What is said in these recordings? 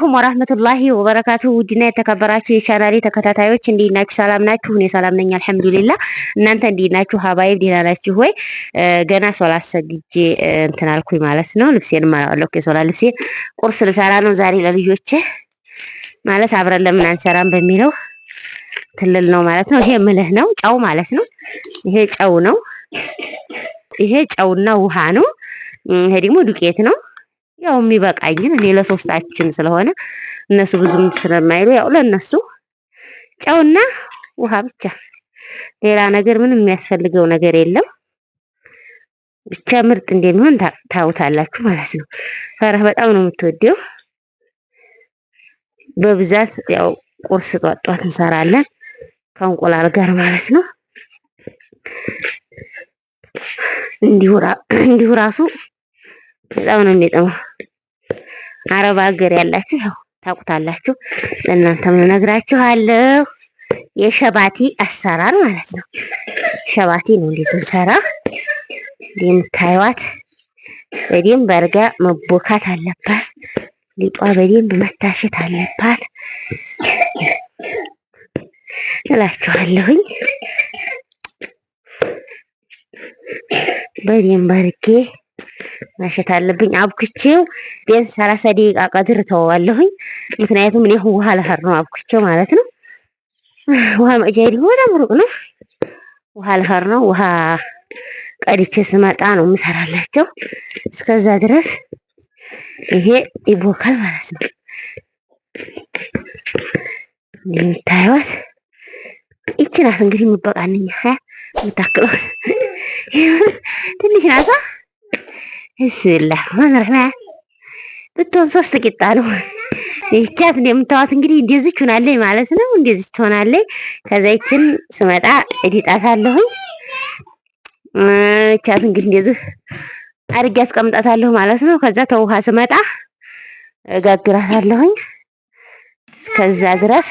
አለይኩም ወራህመቱላሂ ወበረካቱ ውድና የተከበራችሁ የቻናሌ ተከታታዮች እንዴት ናችሁ? ሰላም ናችሁ? እኔ ሰላም ነኝ አልሐምዱሊላ። እናንተ እንዴት ናችሁ? ሀባይብ ደህና ናችሁ ወይ? ገና ሶላት ሰግጄ እንትን አልኩኝ ማለት ነው። ልብሴን ማለቀ የሶላት ልብሴን ቁርስ ልሰራ ነው ዛሬ ለልጆቼ ማለት አብረን ለምን አንሰራም በሚለው ትልል ነው ማለት ነው። ይሄ ምልህ ነው ጨው ማለት ነው። ይሄ ጨው ነው። ይሄ ጨውና ውሃ ነው። ይሄ ደግሞ ዱቄት ነው። ያው የሚበቃኝን እኔ ለሶስታችን ስለሆነ እነሱ ብዙም ስለማይሉ ያው ለነሱ ጨውና ውሃ ብቻ፣ ሌላ ነገር ምንም የሚያስፈልገው ነገር የለም። ብቻ ምርጥ እንደሚሆን ታውታላችሁ ማለት ነው። ፈረህ በጣም ነው የምትወደው። በብዛት ያው ቁርስ ጧት ጧት እንሰራለን ከእንቁላል ጋር ማለት ነው። እንዲሁ ራሱ በጣም ነው የሚጥመው። አረብ ሀገር ያላችሁ ያው ታውቁታላችሁ። ለእናንተም ነው ነግራችኋለሁ። የሸባቲ አሰራር ማለት ነው። ሸባቲ ነው እንዴት ሰራ የምታዩት። በደንብ በርጋ መቦካት አለባት። ሊጧ በደንብ መታሸት አለባት እላችኋለሁኝ። በደንብ በርጌ መሸት አለብኝ። አብኩቼው ቢያንስ ሰላሳ ደቂቃ ቀድር ተወዋለሁኝ። ምክንያቱም እኔ ውሃ ልፈር ነው አብኩቼው ማለት ነው። ውሃ መቅጃ ደግሞ በጣም ሩቅ ነው። ውሃ ልፈር ነው። ውሃ ቀድቼ ስመጣ ነው የምሰራላቸው። እስከዛ ድረስ ይሄ ይቦካል ማለት ነው። እንደምታዩት ይቺ ናት እንግዲህ የምበቃንኝ ሀያ የምታክለውን ትንሽ ናታ። ብስሚላህ ራህማን ብትሆን ሶስት ቂጣ ነው። ይቻት እንደምታዋት እንግዲህ እንደዚች ሆናለች ማለት ነው። እንደዚች ትሆናለች። ከዛ ይችን ስመጣ ይቻት እንግዲህ እንደዚህ አድርጌ አስቀምጣታለሁ ማለት ነው። ከዛ ተውሃ ስመጣ እስከዛ ድረስ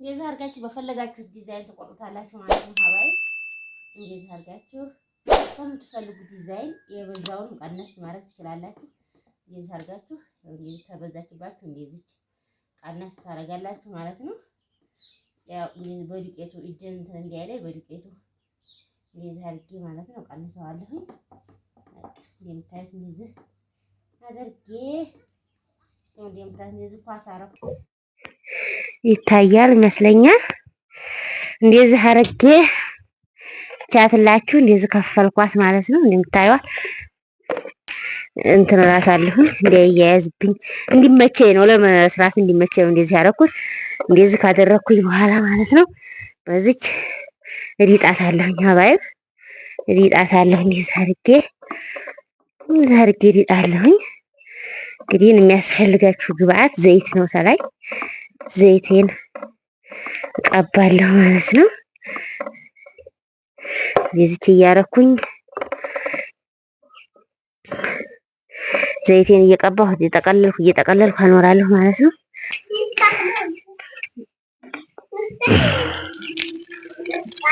እንደዛ አድርጋችሁ በፈለጋችሁት ዲዛይን ተቆርጣላችሁ ማለት ነው። ሀባይ እንደዛ አድርጋችሁ በምትፈልጉ ዲዛይን የበዛውን ቀነስ ማድረግ ትችላላችሁ። እንደዛ አድርጋችሁ እንደዚህ ተበዛችባችሁ እንደዚህ ቀነስ ታደርጋላችሁ ማለት ነው። ያው እንደዚህ በዱቄቱ እጄን እንትን እንዲያለኝ በዱቄቱ እንደዚህ አድርጌ ማለት ነው ቀንሰዋለሁኝ። እንደምታዩት እንደዚህ አድርጌ እንደምታዩት እንደዚህ ኳስ አረኩ። ይታያል ይመስለኛል። እንደዚህ አረጌ ቻትላችሁ እንደዚህ ከፈልኳት ማለት ነው። እንደምታዩት እንትን እላታለሁ እንዳያያዝብኝ እንዲመቸኝ ነው ለመስራት እንዲመቸኝ ነው እንደዚህ ያደረኩት። እንደዚህ ካደረኩኝ በኋላ ማለት ነው በዚች እዲጣታለሁኝ አባይብ እዲጣታለሁ እንደዚህ አርጌ እንደዚህ አርጌ እዲጣለሁኝ። እንግዲህ የሚያስፈልጋችሁ ግብአት ዘይት ነው ተላይ ዘይቴን ቀባለሁ ማለት ነው። የዚች እያረኩኝ ዘይቴን እየቀባሁ እየጠቀለልኩ እየጠቀለልኩ አኖራለሁ ማለት ነው።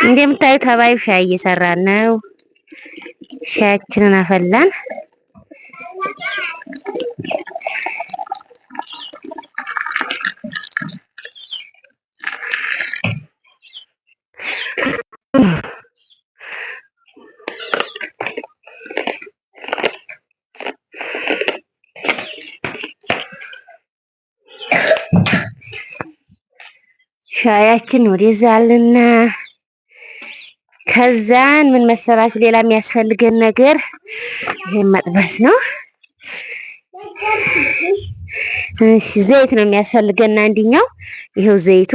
እንደምታዩት ተባይ ሻይ እየሰራን ነው። ሻያችንን አፈላን። ሻያችን ወደዛልና ከዛን ምን መሰላችሁ፣ ሌላ የሚያስፈልገን ነገር ይሄን መጥበስ ነው። እሺ ዘይት ነው የሚያስፈልገን አንድኛው፣ ይሄው ዘይቱ።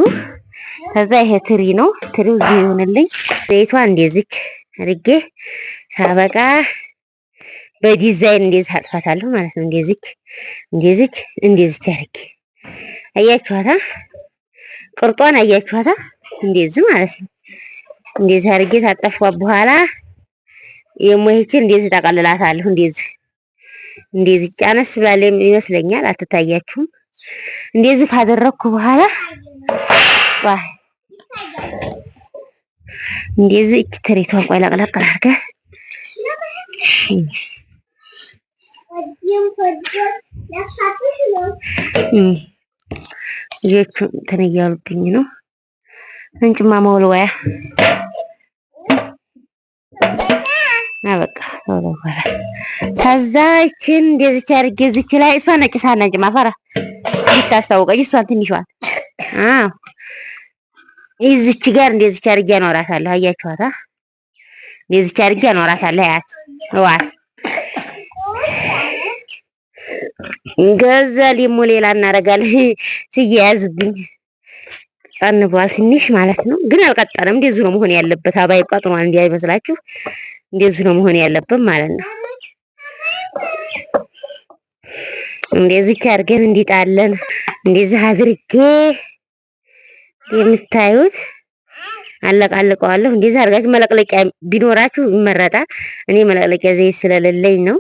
ከዛ ይሄ ትሪ ነው። ትሪው እዚህ ይሁንልኝ። ዘይቷ እንደዚች አድርጌ ታበቃ በዲዛይን እንደዚህ አጥፋታለሁ ማለት ነው። እንደዚች እንደዚች እንደዚች አድርጌ አያችኋታ ቅርጧን አያችኋታ? እንደዚህ ማለት ነው። እንደዚህ አድርጌ ታጠፏት በኋላ የሞይቺ እንደዚህ ታቀልላታለሁ። እንደዚህ እንደዚህ ጫነስ ብላለ ይመስለኛል፣ አትታያችሁም? እንደዚህ ካደረግኩ በኋላ ዋይ እንደዚህ እቺ ትሬቷ ቆይ ላቅላቅ አድርገህ እ ልጆቹ እንትን እያሉብኝ ነው። እንጭማ መወልወያ አበቃ ተወለወለ። ከዛችን እንደዚች አድርጌ እዚች ላይ እሷ ነጭ ሳህን እሷን ትንሿን አዎ እዚች ጋር እንደዚች አድርጌ አኖራታለሁ። አያችኋታ? እንደዚች አድርጌ አኖራታለሁ። ያት እዋት ገዛ ሊሞ ሌላ እናደርጋለን። ሲያያዝብኝ ቀንቧል ትንሽ ማለት ነው፣ ግን አልቀጠንም። እንደዚሁ ነው መሆን ያለበት። አባይ ቀጥኗል እንዲህ አይመስላችሁ። እንደዚሁ ነው መሆን ያለበት ማለት ነው። እንደዚህ አድርገን እንዲጣለን እንደዚህ አድርጌ የምታዩት አለቃልቀዋለሁ። እንደዚህ አድርጋችሁ መለቅለቂያ ቢኖራችሁ ይመረጣል። እኔ መለቅለቂያ ዘይት ስለሌለኝ ነው።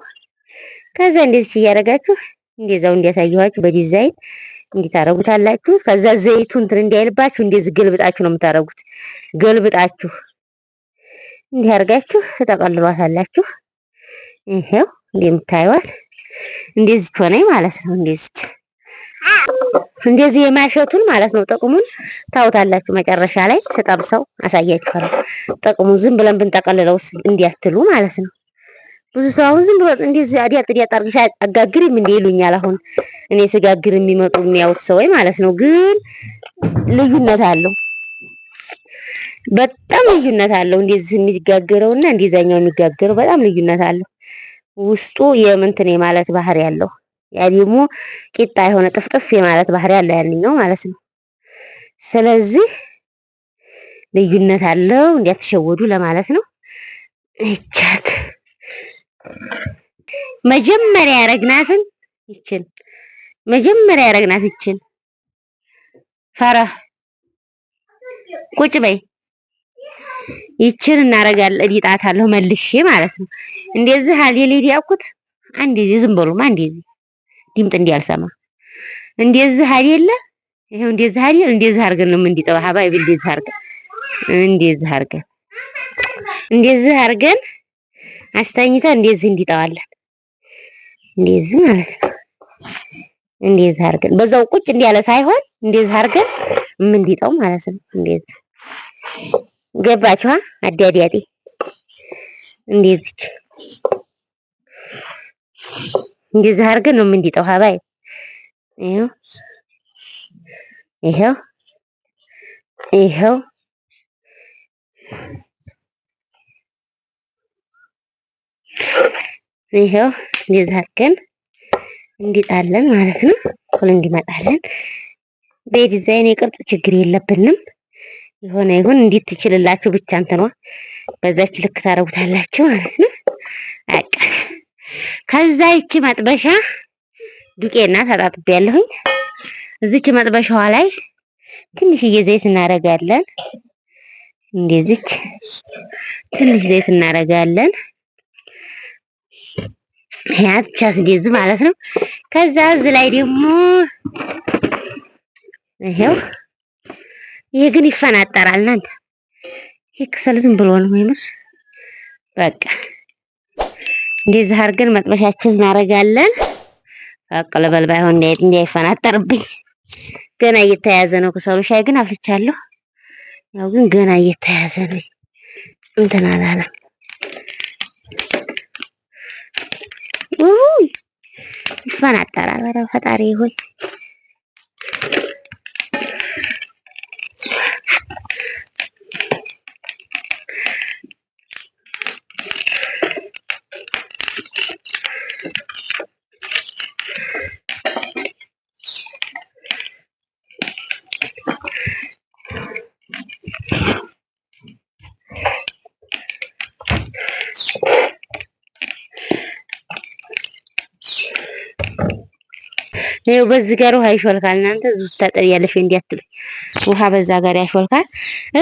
ከዛ እንደዚህ እያደረጋችሁ እንደዛው እንዲያሳየኋችሁ በዲዛይን እንዲታረጉታላችሁ። ከዛ ዘይቱ እንትን እንዲያይልባችሁ እንደዚህ ገልብጣችሁ ነው የምታረጉት። ገልብጣችሁ እንዲህ አርጋችሁ ተጠቀልሏታላችሁ። ይሄው እንደምታዩት እንደዚህ ሆነኝ ማለት ነው። እንደዚህ እንደዚህ የማሸቱን ማለት ነው። ጥቅሙን ታውታላችሁ። መጨረሻ ላይ ስጠብሰው አሳያችኋለሁ። ጥቅሙ ዝም ብለን ብንጠቀልለውስ እንዲያትሉ ማለት ነው። ብዙ ሰው አሁን ዝም ብሎ እንደዚህ አዲያጥ አዲያጥ አድርገሽ አጋግሪም እንዴ ይሉኛል። አሁን እኔ ስጋግር የሚመጡ የሚያዩት ሰው ማለት ነው። ግን ልዩነት አለው፣ በጣም ልዩነት አለው። እንደዚህ የሚጋግረውና እንደዛኛው የሚጋግረው በጣም ልዩነት አለው። ውስጡ የምንትን ማለት ባህሪ ያለው ያ ደግሞ ቂጣ የሆነ ጥፍጥፍ የማለት ባህሪ ያለው ያንኛው ማለት ነው። ስለዚህ ልዩነት አለው፣ እንዲያትሸወዱ ለማለት ነው ይቻት መጀመሪያ ያረግናትን ይችን መጀመሪያ ያረግናት ይችን ፈረህ ቁጭ በይ ይችን እናረጋለን እዲጣታለሁ መልሼ ማለት ነው። እንደዚህ አልሄል ያኩት አንዴ ዝም በሉማ አንዴ ድምጥ እንዲያልሰማ እንደዚህ አይደለ? ይሄው እንደዚህ አይደል? እንደዚህ አድርገን ነው የምንዲጠው። ሀባይ እንደዚህ አድርገን እንደዚህ አድርገን እንደዚህ አድርገን አስተኝተ እንደዚህ እንዲጠዋለን እንደዚህ ማለት ነው። እንደዚህ አድርገን በዛው ቁጭ እንዲያለ ሳይሆን እንደዚህ አድርገን የምንዲጠው ማለት ነው። እንደዚህ ገባችኋ? አዲያዲያጤ እንደዚህ እንደዚህ አድርገን ነው ምን የምንዲጠው። ሀባይ ይኸው ይኸው ይኸው ይሄው እንደዛ እንዲጣለን ማለት ነው። እኩል እንዲመጣለን በዲዛይን የቅርጽ ችግር የለብንም። የሆነ ይሁን እንዴት ትችልላችሁ ብቻ እንትኗ በዛች ልክ ታረጉታላችሁ ማለት ነው። በቃ ከዛ ይቺ መጥበሻ ዱቄና ታጣጥቤ ያለሁኝ እዚች መጥበሻዋ ላይ ትንሽዬ ዘይት እናደርጋለን። እንደዚች ትንሽ ዘይት እናደርጋለን። ያቻ ማለት ነው። ከዛ ላይ ደግሞ ይሄው ይሄ ግን ይፈናጠራል። እናንተ ይሄ ክሰል ዝም ብሎ ነው የምር በቃ እንደዚህ አድርገን መጥበሻችን እናደርጋለን። አቀለበል ባይሆን እንዳይፈናጠርብኝ ገና እየተያዘ ነው ክሰሉ። ሻይ ግን አፍልቻለሁ። ያው ግን ገና እየተያዘ ነው እንትን አላለም። ይፈናጠራል። ኧረ ፈጣሪ ሆይ ይሄው በዚህ ጋር ውሃ ይሾልካል። እናንተ ዙስ ታጠቢያለሽ እንዲያትሉ ውሃ በዛ ጋር ያሾልካል።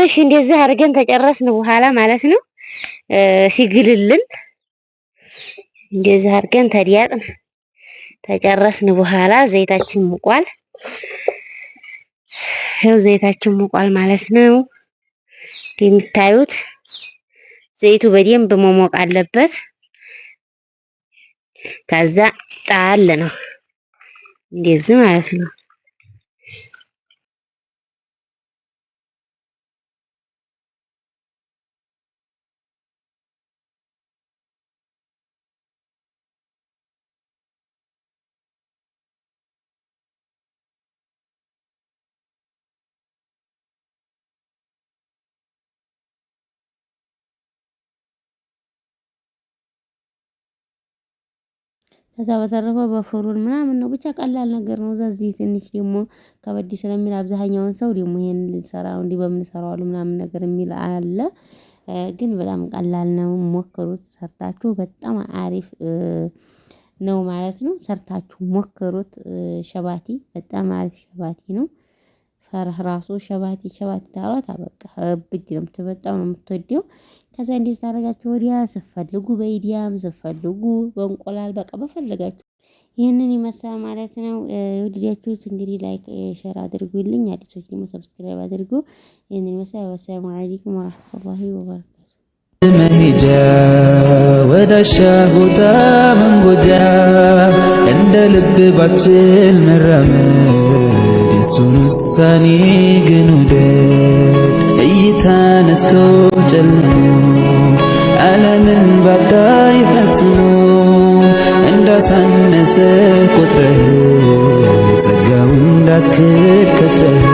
እሺ እንደዚህ አድርገን ተጨረስን በኋላ ማለት ነው ሲግልልን እንደዚህ አድርገን ተዲያጥን ተጨረስን በኋላ ዘይታችን ሙቋል። ይሄው ዘይታችን ሙቋል ማለት ነው እንደምታዩት ዘይቱ በደንብ መሞቅ አለበት። ከዛ ጣል ነው 你是哪是 ከዛ በተረፈ በፍሩን ምናምን ነው ብቻ ቀላል ነገር ነው። እዛ እዚህ ትንሽ ደግሞ ከበድ ስለሚል አብዛኛውን ሰው ደግሞ ይሄን ልንሰራ ነው እንዲህ ምናምን ነገር የሚል አለ። ግን በጣም ቀላል ነው ሞክሩት ሰርታችሁ በጣም አሪፍ ነው ማለት ነው። ሰርታችሁ ሞክሩት ሸባቲ በጣም አሪፍ ሸባቲ ነው ፈረህ ራሱ ሸባቲ ሸባቲ ታሏት አበቃ እብድ ነው በጣም ነው የምትወደው። ከዛ እንዴት ስታደርጋቸው ወዲያ ስትፈልጉ በኢዲያም ስትፈልጉ በእንቁላል በቃ በፈለጋችሁ ይህንን ይመስላል ማለት ነው። የወደዳችሁት እንግዲህ ላይክ ሼር አድርጉልኝ። አዲሶች ደግሞ ሰብስክራይብ አድርጉ። ይህንን ይመስላል። ወሰላሙ አለይኩም ወረህመቱላሂ ወበረካቱ። መሄጃ ወዳሻ ቦታ መንጎጃ እንደ ልብ ባችል መራመድ የእሱን ውሳኔ ግን ውደድ። እይታ ነስቶ ጨልሞ ዓለምን ባታይ ፈጽሞ እንዳሳነሰ ቆጥረህ ጸጋውን እንዳትክድ ከስረህ